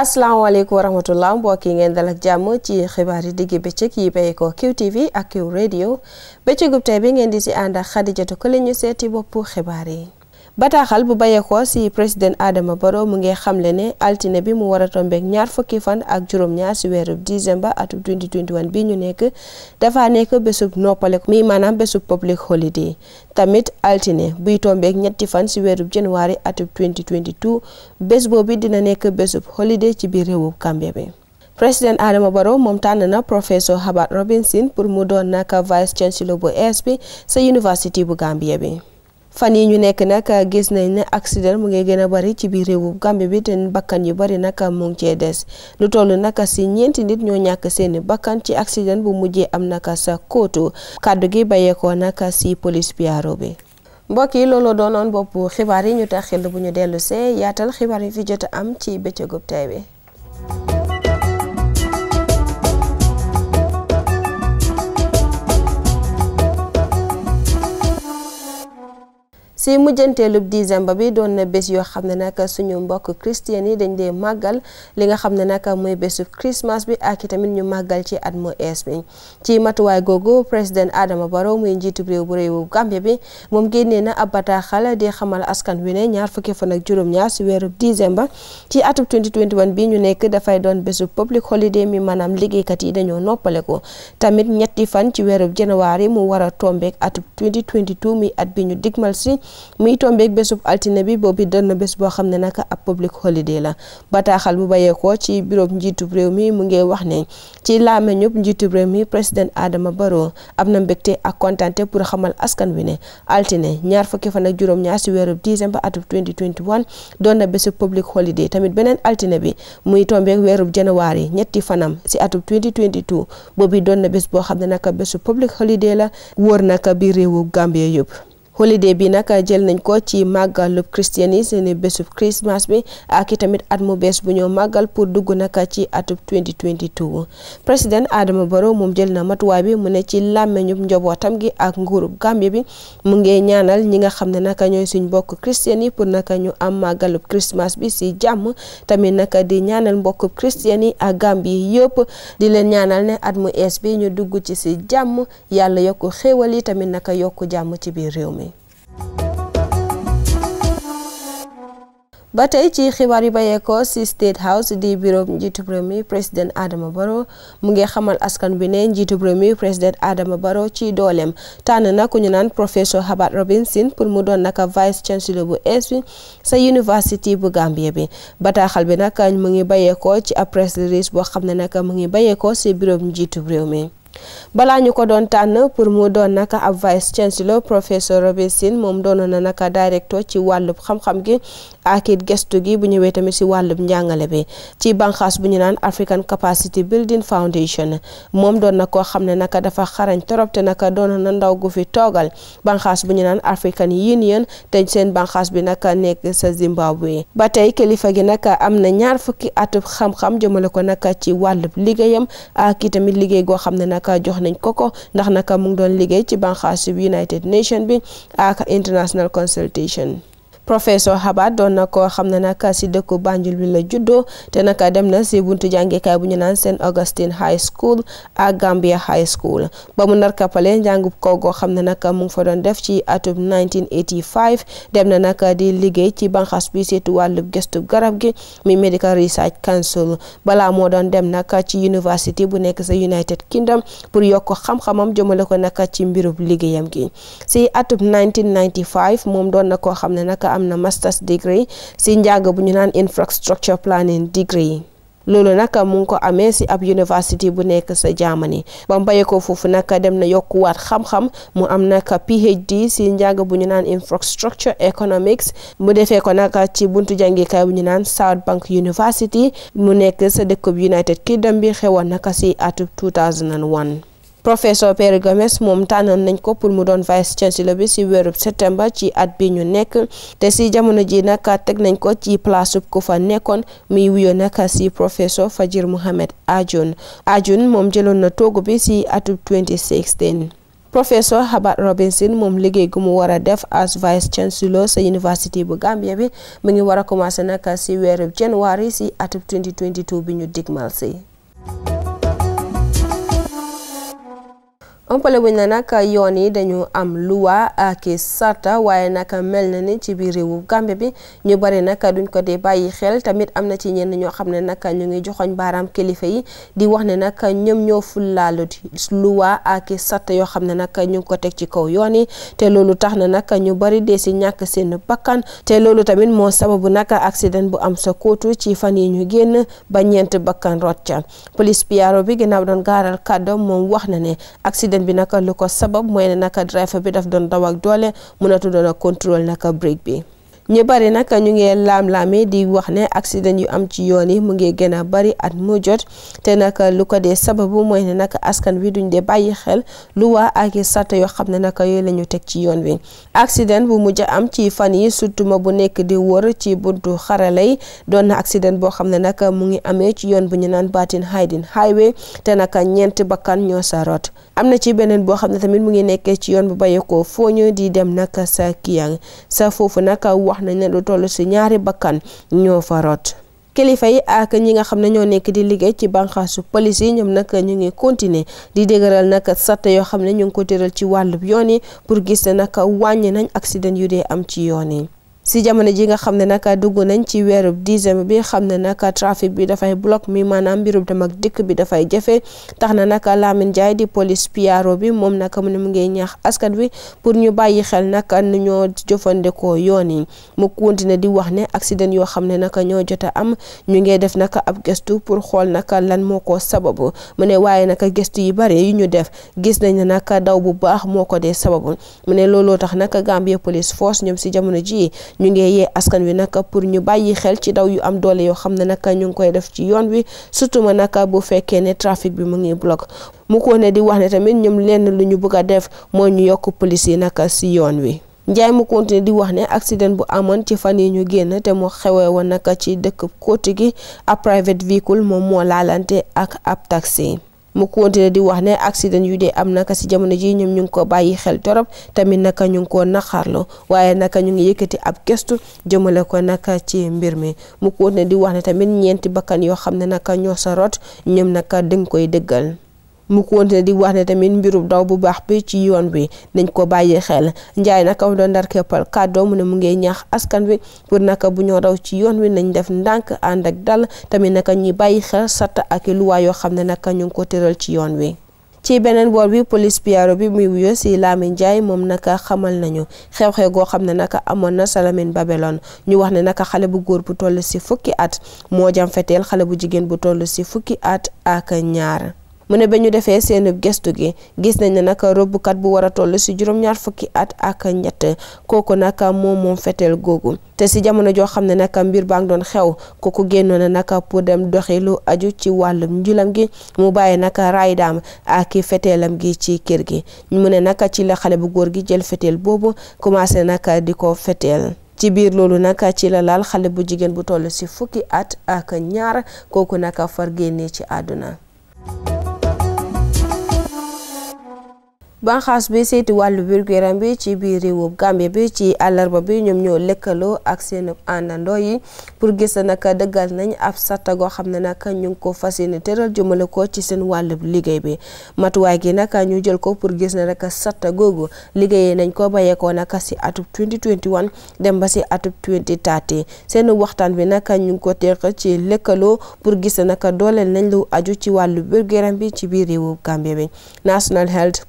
asalaamaaleykum wa rahmatullah mbokk yi ngeen dal ak jàmm ci xibaar yi diggi bëccëg yi bàyyeekoo QTV ak Q radio bëccëgub tey bi ngeen di si ànd ak Xadijatu Kole ñu seeti boppu xibaar yi. bataaxal bu ko si président Adama Barrow mu ngi xamle ne altine bi mu war a tombeek ñaar fukki fan ak juróom-ñaar ci weeru décembre atum 2021 bi ñu nekk dafa nekk bésub noppale mi maanaam bésub public holiday tamit altine buy tombeek ñetti fan si weeru janvier atum 2022 bés boobu dina nekk bésub holiday ci biir réewub Gambie bi président Adama Barrow moom tànn na professeur Herbert Robinson pour mu doon naka vice chancellor bu EES bi sa university bu Gambie bi fan yi ñu nekk nag euh, gis nañ ne accident mu ngi gëna bari ci biir réewu Gambie bi te bakkan yu bari nag euh, mu ngi cee des lu toll nag si ñeenti nit ñoo ñàkk seeni bakkan ci accident bu mujjee am nag euh, sa kóotu kàddu gi bayeekoo nag si police biaro bi. mbokk yi looloo doonoon boppu xibaar yi ñu tax xel bu ñu dellu see yaatal xibaar yi fi jot am ci bëccëgub tey bi. si mujjanteelub décembre bi doon na bés yoo xam ne nag suñu mbokk christian yi dañ dee màggal li nga xam ne nag mooy bésub Christmas bi ak tamit ñu màggal ci at mu ees bi ci matuwaay googu président Adama Barrow muy njiitub réew bu réewu Gambie bi moom génnee na ab bataaxal dee xamal askan wi ne ñaar fukki fan ak juróom-ñaar si weerub décembre ci atub 2021 bi ñu nekk dafay doon bésub public holiday mi maanaam liggéeykat yi dañoo noppale ko tamit ñetti fan ci weerub janvier mu war a tombeek atub 2022 mi at bi ñu digmal si muy tombeeg bésub altine bi boobu dana bés boo xam ne nag a public holiday la bataaxal bu bayeekoo ci bureau njiitub réew mi mu ngi wax ne ci laame ñëpp njiitub réew mi président Adama Barrow am na mbégte ak kontante pour xamal askan wi ne altine ñaar fukki fan ak juróom-ñaar si weerub décembre atub 2021 doon na bésub public holiday tamit beneen altine bi muy tombeeg weerub janvier ñetti fanam si atub 2022 boobu doon na bés boo xam ne nag bésu public holiday la wóor naka bi réewu Gambie yëpp holiday bi nag jël nañ ko ci màggalub christianisme ni bésub christmas bi ak itamit at mu bees bu ñoo màggal pour dugg nag ci atub 2022 président Adama Barrow moom jël na matuwaay bi mu ne ci làmmeñub njobootam gi ak nguurub Gambie bi mu ngi ñaanal ñi nga xam ne naka ñooy suñ mbokk christian yi pour naka ñu am màggal màggalub christmas bi si jàmm tamit naka di ñaanal mbokk christian yi ak Gambie yëpp di leen ñaanal ne at mu ees bi ñu dugg ci si jàmm yàlla yokk xéewal yi tamit naka yokk jàmm ci biir réew mi ba tey ci xibaar yu bayeekoo ci state house di bureau njiitub réew mi président Adama Barrow mu ngi xamal askan bi ne njiitub réew mi président Adama baro ci dooleem tànn na ku ñu naan professeur Herbert Robinson pour mu doon naka vice chancellor bu es sa university bu Gambia bi bataaxal bi nag mu ngi bayeekoo ci ab press release boo xam ne nag mu ngi bayeekoo ci bureau njiitub réew mi. balaa ñu ko doon tànn pour mu doon naka ab vice chancellor professeur Robinson moom doonoon na naka directeur ci wàllub xam-xam gi a kiit gestu gi bu ñëwee tamit si wàllub njàngale bi ci banqaas bu ñu naan African Capacity Building Foundation moom doon na koo xam ne naka dafa xarañ torop te naka doon na ndaw gu fi toogal banqaas bu ñu naan African Union te seen banqaas bi naka nekk sa Zimbabwe ba tey kilifa gi naka am na ñaar fukki atub xam-xam jëmale ko naka ci wàllub liggéeyam jox nañ ko ko ndax naka mu ngi doon liggéey ci banxaasu United Nations bi ak International Consultation professeur Habat doon na koo xam ne nag si dëkku Banjul bi la juddoo te nag dem na si buntu jàngekaay bu ñu naan Saint Augustine High School ak Gambia High School ba mu nar kappale njàngu ko goo xam ne nag mu ngi fa doon def ci atum 1985 dem na nag di liggéey ci banxas bi seetu wàllub gëstu garab gi muy Medical Research Council balaa moo doon dem nag ci university bu nekk sa United Kingdom pour yokk xam-xamam jëmale ko nag ci mbirub liggéeyam gi si atum 1995 moom doon am na master's degree si njàng bu ñu naan infrastructure planning degree. loolu nag mu ko amee si ab university bu nekk sa Germany ba bayee ko foofu nag dem na yokkuwaat xam-xam mu am nag PhD si njàng bu ñu naan infrastructure economics mu defee ko nag ci buntu jàngikaay bu ñu naan South Bank University mu nekk sa dëkkub United Kingdom bi xewoon nag si atum 2001. professeur Pierre Gomes moom tànnoon nañ ko pour mu doon vice chancellor bi si weerub septembre ci at bi ñu nekk te si jamono ji nag teg nañ ko ci place ku fa nekkoon muy wuyoo nag si professeur Fajir Mohamed Ajun Ajun moom jëloon na toogu bi si atub 2016. professeur Habat Robinson moom liggéey gu mu war a def as vice chancellor sa university bu Gambia bi mu ngi war a commencé nag si weerub January si atub 2022 bi ñu digmal si. ëmpale wuñ na nag yoon yi dañu am luwa ak sarta waaye nag mel na ni ci biir réewu Gambie bi ñu bari nag duñ ko dee bàyyi xel tamit am na ci ñenn ñoo xam ne nag ñu ngi joxoñ baaraam kilifa yi di wax ne nag ñoom ñoo fullaalu luwa ak sarta yoo xam ne nag ñu ko teg ci kaw yoon yi te loolu tax na nag ñu bari dee si ñàkk seen bakkan te loolu tamit moo sababu nag accident bu am sa kootu ci fan yi ñu génn ba ñeent bakkan rot police piaro bi naka lu ko sabab mooy ne naka driver bi daf doon daw ak doole mënatu doon a contrôle naka break bi. ñu bari nag ñu ngi laam-laame di wax ne accident yu am ci yoon yi mu ngi gën a bari at mu jot te nag lu ko dee sababu mooy ne nag askan wi duñ dee bàyyi xel lu waa ak sarta yoo xam ne nag yooyu la teg ci yoon wi accident bu mujj am ci fan yi surtout ma bu nekk di wër ci buntu xaralay doon na accident boo xam ne nag mu ngi amee ci yoon bu ñu naan Baatin Haydin Highway te nag ñeent bakkan ñoo sa rot am na ci beneen boo xam ne tamit mu ngi nekkee ci yoon bu bàyyeekoo foo ñu di dem nag sa kiyang sa foofu nag wax nañ ne lu toll si ñaari bakkan ñoo fa kilifa yi ak ñi nga xam ne ñoo nekk di liggéey ci bànqaasu police yi ñoom nag ñu ngi continuer di dëgëral nag satte yoo xam ne ñu ngi ko tëral ci wàllub yoon yi pour gis ne nag wàññi nañ accident yu dee am ci yoon yi si jamono ji nga xam ne nag dugg nañ ci weerub dixième bi xam ne nag trafic bi dafay bloc mi maanaam mbirub dem dikk bi dafay jafe tax na nag Lamine Ndiaye di police PRO bi moom nag mu ne mu ngee ñaax askan wi pour ñu bàyyi xel nag nu ñoo jëfandikoo yoon yi mu continué di wax ne accident yoo xam ne nag ñoo jot a am ñu ngi def nag ab gëstu pour xool nag lan moo ko sababu mu ne waaye nag gëstu yi bare yu ñu def gis nañ ne nag daw bu baax moo ko dee sababu mu ne looloo tax nag Gambia Police Force ñoom si jamono ji ñu ngi yee askan wi nag pour ñu bàyyi xel ci daw yu am doole yoo xam ne nag ñu ngi koy def ci yoon wi surtout ma nag bu fekkee ne trafic bi mu ngi bloc mu ko ne di wax ne tamit ñoom lenn lu ñu bëgg a def mooy ñu yokk police yi nag si yoon wi. Njaay mu continué di wax ne accident bu amoon ci fan yi ñu génn te mu xewee woon nag ci dëkk Kooti gi ab private véhicule moom moo laalante ak ab taxi. mu continué di wax ne accident yu dee am naka si jamono ji ñoom ñu ngi ko bàyyi xel torop tamit naka ñu ngi ko naqarlu waaye naka ñu ngi yëkkati ab gestu jëmale ko naka ci mbir mi mu continué di wax ne tamit ñeenti bakkan yoo xam ne naka ñoo sa rot ñoom naka dañ koy déggal mu koonte di wax ne tamit mbirum daw bu baax bi ci yoon bi nañ ko bàyyi xel njaay naka doon ndar keppal kàddoo mu ne mu ngi ñax askan wi pour naka bu ñoo daw ci yoon wi nañ def ndànk ànd ak dal tamit naka ñi bàyyi xel sart ak luwaa yoo xam ne naka ñu ngi ko tëral ci yoon wi ci beneen boor bi police piaro bi muy wuyo si Lamine Ndiaye moom naka xamal nañu xew-xew goo xam ne naka amoon na Salamine Babelon ñu wax ne naka xale bu góor bu toll si fukki at moo jam feteel xale bu jigéen bu toll si fukki at ak ñaar mu ne ba ñu defee seen gestu gi gis nañ ne nag rëbbkat bu war a toll si juróom-ñaar fukki at ak ñett kooku nag moom moom feteel googu te si jamono joo xam ne nag mbir baa ngi doon xew kooku génnoon ne nag pour dem doxi lu aju ci wàllum njulam gi mu bàyyi nag raydaam ak feteelam gi ci kër gi mu ne nag ci la xale bu góor gi jël feteel boobu commencé nag di ko feteel ci biir loolu nag ci la laal xale bu jigéen bu toll si fukki at ak ñaar kooku nag far génnee ci àdduna banxaas bi seeti wàllu wér-gu-yaram bi ci biir réewum Gambie bi ci àllarba bi ñoom ñoo lëkkaloo ak seen àndandoo yi pour gis nag dëggal nañ ab sarta goo xam ne nag ñu ngi ko fas yéene tëral jëmale ko ci seen wàllu liggéey bi matuwaay gi nag ñu jël ko pour gis ne rek sarta googu liggéeyee nañ ko bayee ko nag si atub 2021 dem ba si atub 2030 seen waxtaan bi nag ñu ngi ko teq ci lëkkaloo pour gis nag dooleel nañ lu aju ci wàllu wér-gu-yaram bi ci biir réewum Gambie bi National Health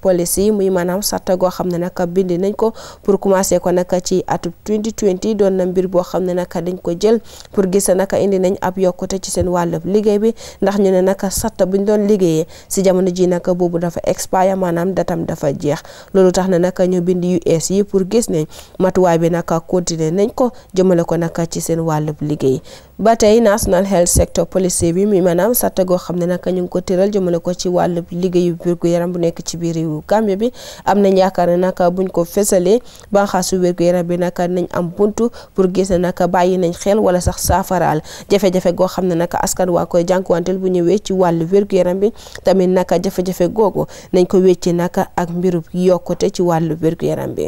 bi muy maanaam sarta goo xam ne nag bind nañ ko pour commencer ko nag ci atub 2020 doon na mbir boo xam ne nag dañ ko jël pour gis nag indi nañ ab yokkute ci seen wàllub liggéey bi ndax ñu ne nag sarta buñ doon liggéeyee si jamono ji nag boobu dafa expire maanaam datam dafa jeex loolu tax na nag ñu bind US yi pour gis ne matuwaay bi nag continuer nañ ko jëmale ko nag ci seen wàllub liggéey ba tey national health sector policy bi mu mi maanaam sarta goo xam ne nag ñu ngi ko tëral jëmale ko ci wàllub liggéeyu wérgu yaram bu nekk ci biir bi am nañ yaakaar ne nag buñ ko fësalee banxaasu wér-gu-yaram bi nag nañ am buntu pour gis ne nag bàyyi nañ xeel wala sax saafaraal jafe-jafe goo xam ne nag askan waa koy jànkuwanteel bu ñëwee ci wàllu wér-gu-yaram bi tamit nag jafe-jafe googu nañ ko wecci nag ak mbirub yokkute ci wàllu wér-gu-yaram bi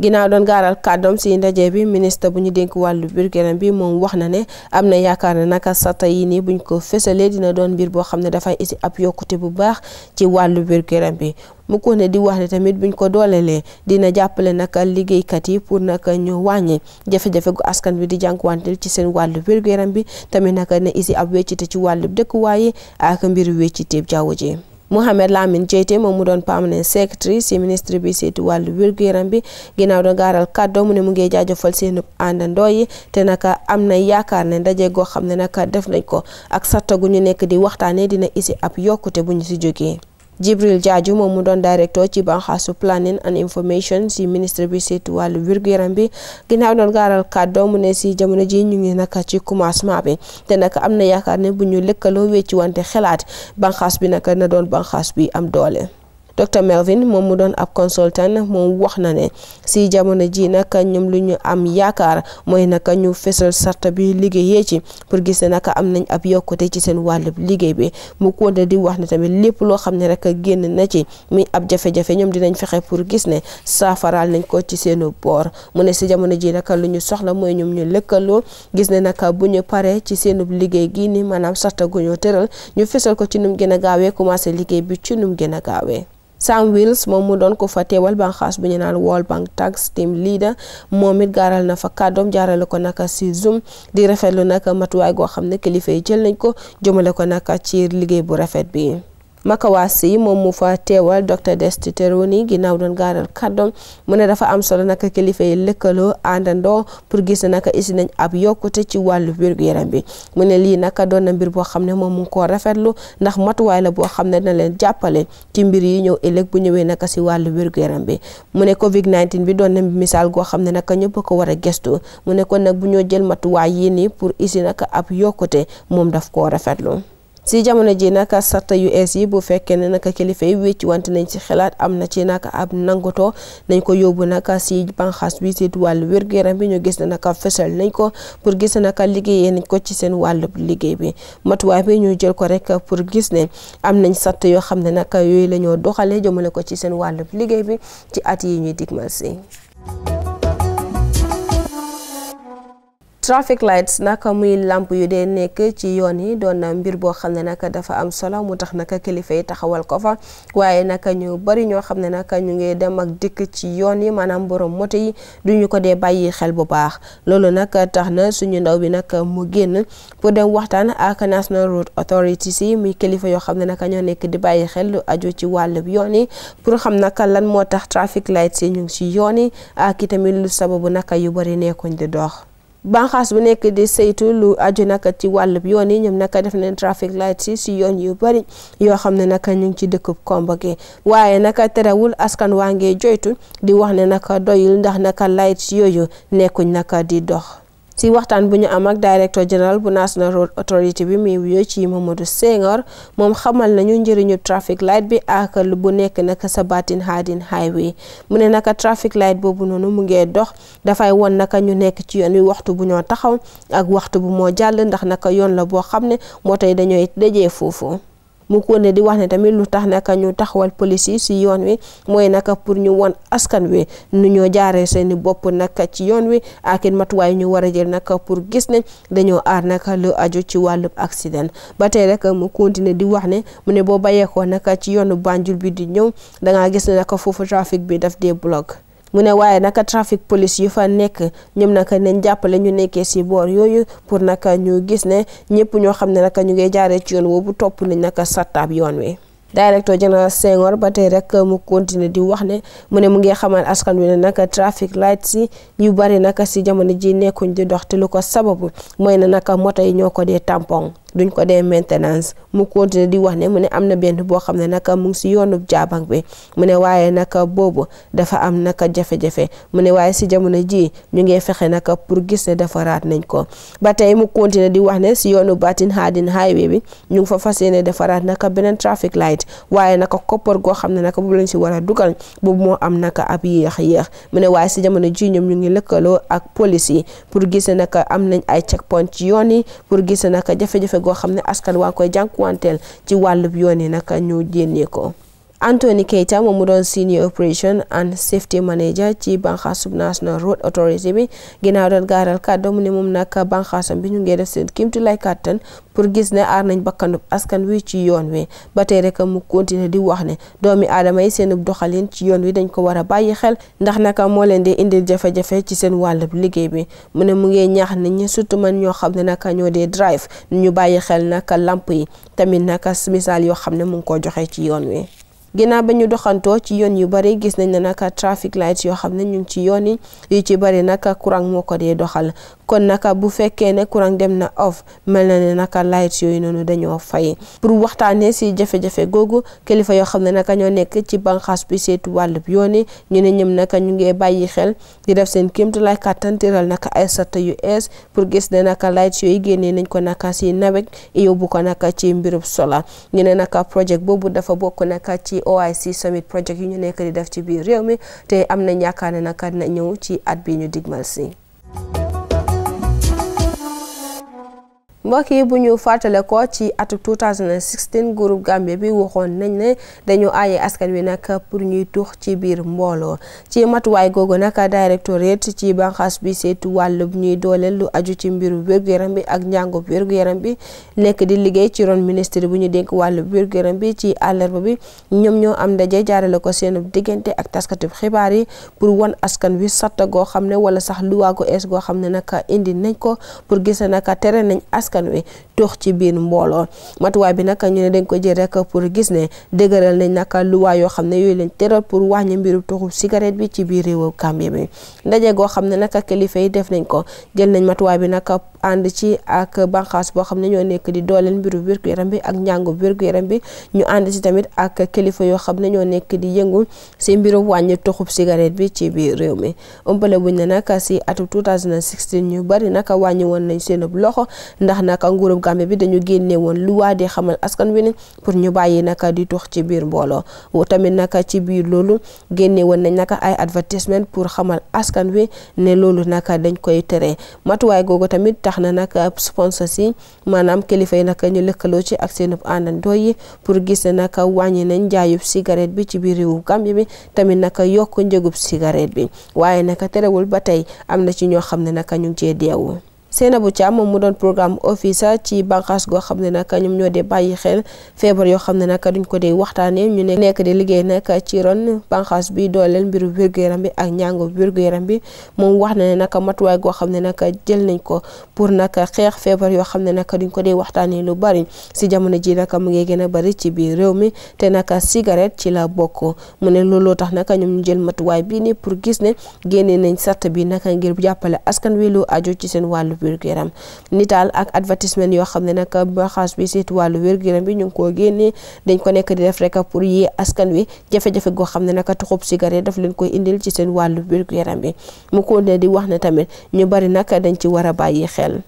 ginnaaw doon gaaral kàddoom si ndaje bi ministre bu ñu dénk wàllu biir yaram bi moom wax na ne am na yaakaar ne naka sata yi nii buñ ko fësalee dina doon mbir boo xam ne dafay isi ab yokkute bu baax ci wàllu biir yaram bi mu ko ne di wax ne tamit buñ ko doolelee dina jàppale naka liggéeykat yi pour naka ñu wàññi jafe-jafe gu askan bi di jànkuwanteel ci seen wàllu wér gu bi tamit naka ne isi ab weccite ci wàllu dëkkuwaay yi ak mbiru wecciteeb jaww ji Mouhamed Lamine Diété moom mu doon permanent secretary si ministre bi saytu wàllu wér yaram bi ginnaaw da gaaral kàddoo mu ne mu ngi jaajëfal seenub àndandoo yi te naka am na yaakaar ne ndaje goo xam ne naka def nañ ko ak satta gu ñu nekk di waxtaanee dina isi ab yokkute bu ñu si jógee. Jibril Jaaju moom mu doon directeur ci banxaasu planning and information si ministre bi saytu wàllu wér-gu-yaram bi ginnaaw doon gaaral kàddoo mu ne si jamono ji ñu ngi naka ci commencement bi te naka am na yaakaar ne bu ñu lëkkaloo wecci wante xalaat banxaas bi naka na doon banxaas bi am doole docteur Melvin moom mu doon ab consultant moom wax na ne si jamono ji nag ñoom lu ñu am yaakaar mooy naka ñu fesal sarta bi liggéeyee ci pour gis ne naka am nañ ab yokkute ci seen wàllub liggéey bi mu konte di wax ne tamit lépp loo xam ne rek génn na ci mi ab jafe ñoom dinañ fexe pour gis ne saafaraal nañ ko ci seenu boor mu ne si jamono ji naka lu ñu soxla mooy ñoom ñu lëkkaloo gis ne naka bu ñu paree ci seenub liggéey gi ni maanaam sarta gu ñu tëral ñu fesal ko ci num gën a gaawee commencé liggéey bi ci num gën a gaawee Sam Wills moom mu doon ko fa teewal banxaas bu ñu naan World Bank Tax Team Leader moom it gaaral na fa kàddoom jaarale ko naka si Zoom di rafetlu naka matuwaay goo xam ne kilifa yi jël nañ ko jëmale ko naka ci liggéey bu rafet bii Makawassi moom mu fa teewal docteur Desti Teroni ginnaaw doon gaaral kàddoom mu ne dafa am solo naka kilifa yi lëkkaloo àndandoo pour gis naka isi nañ ab yokkute ci wàllu wér-gu-yaram bi mu ne lii naka doon na mbir boo xam ne moom mu ngi koo rafetlu ndax matuwaay la boo xam ne dina leen jàppale ci mbir yi ñëw ëllëg bu ñëwee naka si wàllu wér-gu-yaram bi mu ne Covid 19 bi doon na misaal goo xam ne naka ñëpp ko war a gestu mu ne kon nag bu ñoo jël matuwaay yi nii pour isi naka ab yokkute moom daf koo rafetlu. si jamono ji nag sarta US yi bu fekkee ne nag kilifa yi wécci wante nañ ci xalaat am na ci nag ab nangutoo nañ ko yóbbu nag si banxaas wii si wàllu wér-gu-yaram bi ñu gis ne nag fësal nañ ko pour gis na nag liggéeyee nañ ko ci seen wàllu liggéey bi matuwaay bi ñu jël ko rek pour gis ne am nañ sarta yoo xam ne nag yooyu la ñoo doxalee jëmale ko ci seen wàllu liggéey bi ci at yi ñuy digmal si traffic lights nag muy làmp yu dee nekk ci yoon yi doon mbir boo xam ne nag dafa am solo mu tax nag kilifa yi taxawal ko fa waaye nag ñu bari ñoo xam ne nag ñu ngi dem ak dikk ci yoon yi maanaam borom moto yi duñu ko dee bàyyi xel bu baax loolu nag tax na suñu ndaw bi nag mu génn pour dem waxtaan ak National Road Authority si muy kilifa yoo xam ne nag ñoo nekk di bàyyi xel lu aju ci wàllub yoon yi pour xam naka lan moo tax traffic lights yi ñu ngi ci yoon yi ak itamit lu sababu nag yu bari nekkuñ di dox. banxaas bu nekk di saytu lu aju naka ci wàllub yoon yi ñoom naka def nañ traffic light si si yoon yu bari yoo xam ne naka ñu ngi ci dëkkub Kombo gi waaye naka terewul askan waa ngi joytu di wax ne naka doyul ndax naka light yooyu nekkuñ naka di dox si waxtaan bu ñu am ak directeur général bu National Road Authority bi muy wuyoo ci Mamadou Senghor moom xamal nañu njëriñu traffic light bi ak lu bu nekk naka Sabatin Harding Highway mu ne naka traffic light boobu noonu mu ngee dox dafay won naka ñu nekk ci yoon wi waxtu bu ñoo taxaw ak waxtu bu moo jàll ndax naka yoon la boo xam ne moo tey dañooy dajee foofu mu ko di wax ne tamit lu tax naka ñu taxawal police si yoon wi mooy naka pour ñu won askan wi nu ñoo jaaree seeni bopp naka ci yoon wi ak it matuwaay ñu war a jël naka pour gis ne dañoo aar naka lu aju ci wàllu accident ba tey rek mu continuer di wax ne mu ne boo bàyyeekoo naka ci yoonu Banjul bi di ñëw dangaa gis ne naka foofu trafic bi daf dee block mu ne waaye naka trafic police yu fa nekk ñoom naka nañ jàppale ñu nekkee si boor yooyu pour naka ñu gis ne ñëpp ñoo xam ne naka ñu ngay jaaree ci yoon woobu topp nañ naka sattaab yoon wi directeur général Senghor ba tey rek mu continuer di wax ne mu ne mu ngi xamal askan wi ne naka traffic lights si ñu bari naka si jamono ji nekkuñ di dox te lu ko sababu mooy ne naka moto yi ñoo ko dee tampon duñ ko dee maintenance mu continué di wax ne mu ne am na benn boo xam ne naka mu ngi si yoonub jaabang bi mu ne waaye naka boobu dafa am naka jafe-jafe mu ne waaye si jamono ji ñu ngi fexe naka pour gis defaraat nañ ko ba tey mu continué di wax ne si yoonu Batin Hadin highway bi ñu ngi fa fas yéene defaraat naka beneen traffic light waaye naka koppar goo xam ne naka boobu lañ si war a dugal boobu moo am naka ab yéex-yéex mu ne waaye si jamono ji ñoom ñu ngi lëkkaloo ak police yi pour gis ne naka am nañ ay checkpoint ci yoon yi pour gis ne naka jafe-jafe goo xam ne askan waa koy jànkuwanteel ci wàllub yoon yi nag ñu jénnee ko Anthony Keita moom mu doon senior operation and safety manager ci banxaasub National Road Authority bi ginnaaw doon gaaral kàddu mu ne moom nag banxaasam bi ñu ngi def seen kim tu lay kàttan pour gis ne aar nañ bakkanub askan wi ci yoon wi ba tey rek mu continuer di wax ne doomi aadama yi seenub doxalin ci yoon wi dañ ko war a bàyyi xel ndax naka moo leen di indil jafe-jafe ci seen wàllub liggéey bi mu ne mu ngi ñaax nit ñi surtout man ñoo xam ne naka ñoo dee drive ñu bàyyi xel naka lamp yi tamit naka misaal yoo xam ne mu ngi ko joxe ci yoon wi ginnaaw ba ñu doxantoo ci yoon yu bari gis nañ ne nag trafic light yoo xam ne ñu ngi ci yoon yi yu ci bari nag courant moo ko dee doxal kon naka bu fekkee ne courant dem na off mel na ne naka light yooyu noonu dañoo fay pour waxtaanee si jafe-jafe googu kilifa yoo xam ne naka ñoo nekk ci banqaas bi seetu wàllub yoon yi ñu ne ñoom naka ñu ngi bàyyi xel di def seen kéemtalaay kàttan tëral ay sarta yu ees pour gis ne naka light yooyu génnee nañ ko naka si nawet yóbbu ko naka ci mbirub sola ñu ne naka projet boobu dafa bokk naka ci OIC summit projet yu ñu nekk di def ci biir réew mi te am na yaakaar ne naka ñëw ci at bi ñu digmal si mbokk yi bu ñu fàttale ko ci atum 2016 groupe Gambie bi waxoon nañ ne dañu aaye askan wi nag pour ñuy tuux ci biir mbooloo ci matuwaay googu nag directorate ci banqaas bi seetu wàll ñuy dooleel lu aju ci mbiru wér gu bi ak njàngub wér-gu-yaram bi nekk di liggéey ci ron ministre bu ñu dénk wàllu wér gu bi ci àllarba bi ñoom ñoo am ndaje jaarale ko seen diggante ak taskatu xibaar yi pour wan askan wi satta goo xam ne wala sax luwaa gu ees goo xam ne nag indi nañ ko pour gis nag tere nañ askan wi dox ci biir mbooloo matuwaay bi nag ñu ne dañ ko jël rek pour gis ne dëgëral nañ nag luwaa yoo xam ne yooyu lañ tëral pour wàññi mbiru toxu cigarette bi ci biir réewu Gambie bi goo xam ne nag kilifa yi def nañ ko jël nañ matuwaay bi nag ànd ci ak banqaas boo xam ne ñoo nekk di dooleel mbiru wérgu yaram bi ak njàngu wérgu yaram bi ñu ànd ci tamit ak kilifa yoo xam ne ñoo nekk di yëngu si mbiru wàññi toxub cigarette bi ci biir réew mi ëmpale buñ ne nag si at atum 2016 ñu bari nag wàññi woon nañ seen loxo ndax nag nguurub Gambie bi dañu génne woon luwaa di xamal askan wi ne pour ñu bàyyi naka di dox ci biir mbooloo wo tamit naka ci biir loolu génne woon nañ naka ay advertisement pour xamal askan wi ne loolu naka dañ koy tere matuwaay googu tamit tax na naka sponsor si maanaam kilifa yi naka ñu lëkkaloo ci ak seen àndandoo yi pour gis ne naka wàññi nañ jaayub cigarette bi ci biir réewu Gambie bi tamit naka yokk njëgub cigarette bi waaye naka terewul ba tey am na ci ñoo xam ne naka ñu ngi cee deewu na bu Thiam moom mu doon programme officer ci bànqaas goo xam ne nag ñoom ñoo dee bàyyi xel feebar yoo xam ne nag duñ ko dee waxtaanee ñu nekk di liggéey nag ci ron bànqaas bi dooleel mbiru wér bi ak ñàngo wér bi moom wax na ne nag matuwaay goo xam ne nag jël nañ ko pour nag xeex feebar yoo xam ne nag duñ ko dee waxtaanee lu bari si jamono ji nag mu ngi gën a bari ci biir réew mi te nag cigarette ci la bokk mu ne looloo tax nag ñoom ñu jël matuwaay bii nii pour gis ne génnee nañ sart bi nag ngir jàppale askan wi lu aju ci seen wàllu bi wér-gu-yaram nitaal ak advertisement yoo xam ne nag baaxaas bi saytu wàllu wér gu bi ñu ngi koo génnee dañ ko nekk di def rek pour yee askan wi jafe-jafe goo xam ne nag tuxub cigarette daf leen koy indil ci seen wàllu wér-gu-yaram bi mu ko ne di wax ne tamit ñu bari nag dañ ci war a bàyyi xel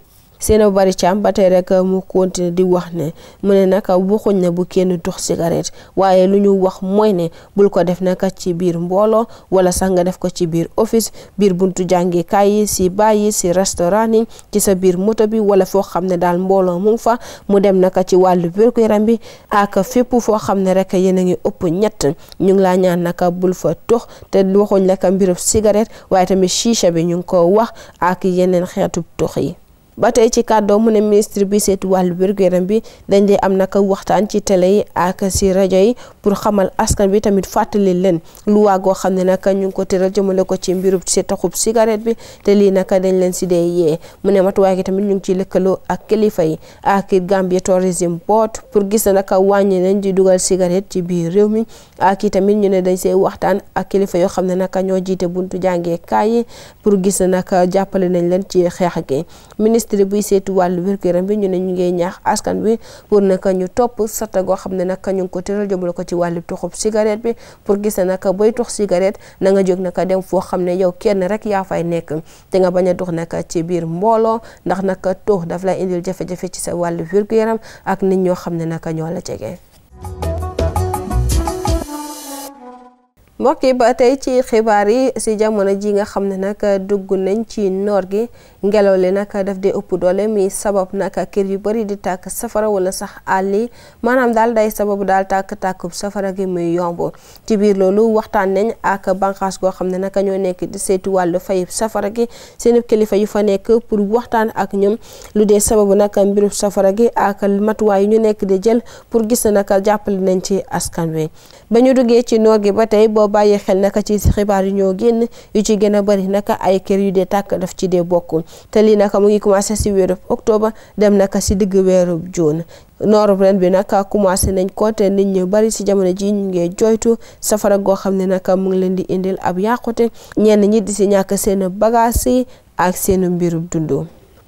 Sainabou Barry Thiam ba tey rek mu continue di wax ne mu ne nag waxuñ ne bu kenn tux cigarette waaye lu ñu wax mooy ne bul ko def nag ci biir mbooloo wala sax def ko ci biir office biir buntu jàngekaay kayi si baay si restaurant yi ci sa biir moto bi wala foo xam ne daal mbooloo mu fa mu dem naka ci wàllu wérgu yaram bi ak fépp foo xam ne rek yéen a ngi ëpp ñett ñu ngi laa ñaan naka bul fa tux te waxuñ naka mbirub cigarette waaye tamit chicha bi ñu ngi ko wax ak yeneen xeetub tux yi ba tey ci kàddoo mu ne ministre bi seetu wàllu wér-gu-yaram bi dañ dee am naka waxtaan ci tele yi ak si rajo yi pour xamal askan bi tamit fàttali leen lu waagoo xam ne naka ñu ngi ko tëral jëmale ko ci mbirub setaxub cigarette bi te lii naka dañ leen si dee yee mu ne matuwaay gi tamit ñu ngi ciy lëkkaloo ak kilifa yi ak Gambia Tourism Board pour gis na naka wàññi nañ ji dugal cigarette ci biir réew mi ak i tamit ñu ne dañ see waxtaan ak kilifa yoo xam ne naka ñoo jiite buntu jàngee kaay pour gis na jàppale nañ leen ci xeex gi ministre buy seetu wàllu wér-gu-yaram bi ñu ne ñu ngi ñaax askan bi pour naka ñu topp sarta goo xam ne naka ñu ko ko tëral jëmale ko ci wàllu tuxub cigarette bi pour gis ne naka booy tux cigarette na nga jóg naka dem foo xam ne yow kenn rek yaa fay nekk te nga bañ a tux naka ci biir mbooloo ndax naka tuux daf lay indil jafe-jafe ci sa wàllu wér-gu-yaram ak nit ñoo xam ne naka ñoo la jege. mbokk ba tey ci xibaar yi si jamono ji nga xam ne nag dugg nañ ci noor gi ngelaw li nag daf dee ëpp doole mii sabab nag kër yu bari di tàkk safara wala sax àll yi maanaam daal day sababu daal tàkk-tàkkub safara gi muy yomb ci biir loolu waxtaan nañ ak banqaas goo xam ne nag ñoo nekk di seeti wàllu fayib safara gi seen kilifa yu fa nekk pour waxtaan ak ñoom lu dee sababu nag mbirub safara gi ak matuwaay yu ñu nekk di jël pour gis na naka jàppale nañ ci askan wi ba ñu duggee ci noor gi ba tey boo bàyyi xel naka ci xibaar yu ñoo génn yu ci gën a bari naka ay kër yu dee tàkk daf ci dee bokk te lii naka mu ngi commencé si weerub octobre dem naka si digg weerub juin noorub ren bi naka commencé nañ ko te nit ñu bari si jamono ji ñu ngi joytu safara goo xam ne naka mu ngi leen di indil ab yàqute ñenn ñi di si ñàkk seen bagage yi ak seen mbirub dundu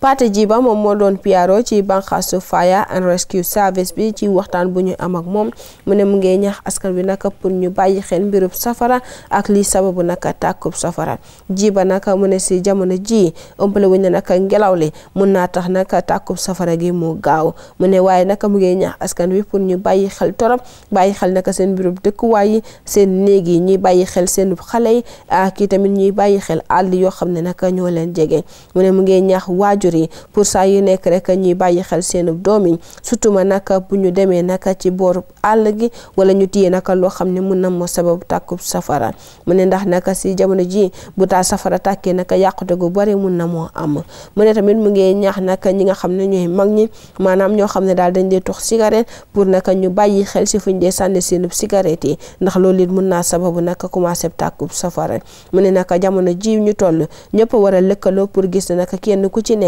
Pathé Djiba moom moo doon PRO ci bànqaasu fire and rescue service bi ci waxtaan bu ñu am ak moom mu ne mu ngi askan wi naka pour ñu bàyyi xel mbirub safara ak lii sababu naka tàkkub safara Djiba naka mu ne si jamono ji ëmpale wuñ ne naka ngelaw li mun naa tax naka tàkkub safara gi mu gaaw mu ne waaye naka mu ngi ñaax askan wi pour ñu bàyyi xel torop bàyyi xel naka seen mbirub dëkkuwaay yi seen néeg yi ñuy bàyyi xel seen xale yi ak i tamit ñuy bàyyi xel àll yoo xam ne naka ñoo leen jege waajur yi pour saa yu nekk rek ñuy bàyyi xel seen doom yi surtout naka bu ñu demee naka ci booru àll gi wala ñu téye naka loo xam ne mun na moo sababu tàkku safara mu ne ndax naka si jamono ji bu ta safara tàkkee naka yàqute gu bari mun na moo am mu ne tamit mu ngi ñaax naka ñi nga xam ne ñooy mag ñi maanaam ñoo xam ne daal dañ dee tox cigarette pour naka ñu bàyyi xel si fuñ dee sànni seen cigarette yi ndax loolu it mun naa sababu naka commencé tàkku safara mu ne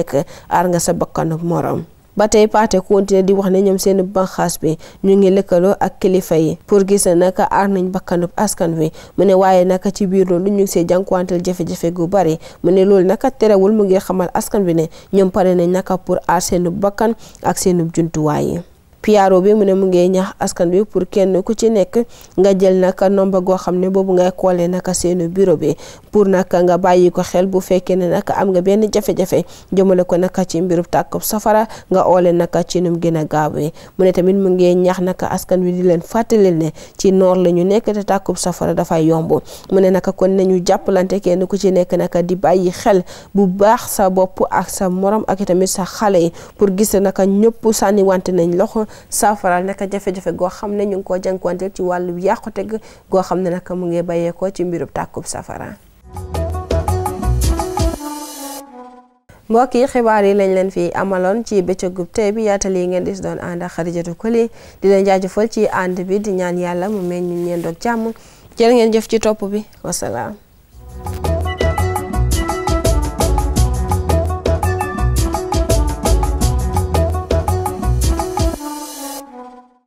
nekk aar nga sa bakkanu morom. ba tey Pathé continué di wax ne ñoom seen banxaas bi ñu ngi lëkkaloo ak kilifa yi pour gis ne ar aar nañ bakkanub askan wi mu ne waaye naka ci biir loolu ñu ngi see wante jafe-jafe gu bari mu ne loolu naka terewul mu ngi xamal askan wi ne ñoom pare nañ naka pour aar seenub bakkan ak seenub jumtuwaay yi piaro bi mu ne mungee ngi ñaax askan wi pour kenn ku ci nekk nga jël nag nomba goo xam ne boobu ngay nag naka seenu bureau bi pour nag nga bàyyi ko xel bu fekkee ne nag am nga benn jafe-jafe ko nag ci mbirub tàkkub safara nga oole nag ci num gën a gaawee mu ne tamit mu ngi ñaax nag askan wi di leen fàttali ne ci noor la ñu nekk te tàkkub safara dafay yomb mu ne nag kon nañu jàppalante kenn ku ci nekk nag di bàyyi xel bu baax sa bopp ak sa morom ak tamit sa xale yi pour gis nag ñëpp sànniwante nañ loxo saafaral naka jafe-jafe goo xam ne ñu ngi koo jànkuwanteel ci wàllu yàquteg goo xam ne naka mu ngi bàyyeekoo ci mbirub tàkkub safara mbokk yi xibaar yi lañ leen fi amaloon ci bëccëgub tey bi yaatal ngeen di doon ànd ak Xadijatu Koli di leen jaajëfal ci ànd bi di ñaan yàlla mu meñ ñu ñeen doog jàmm jërë ngeen jëf ci topp bi wasalaam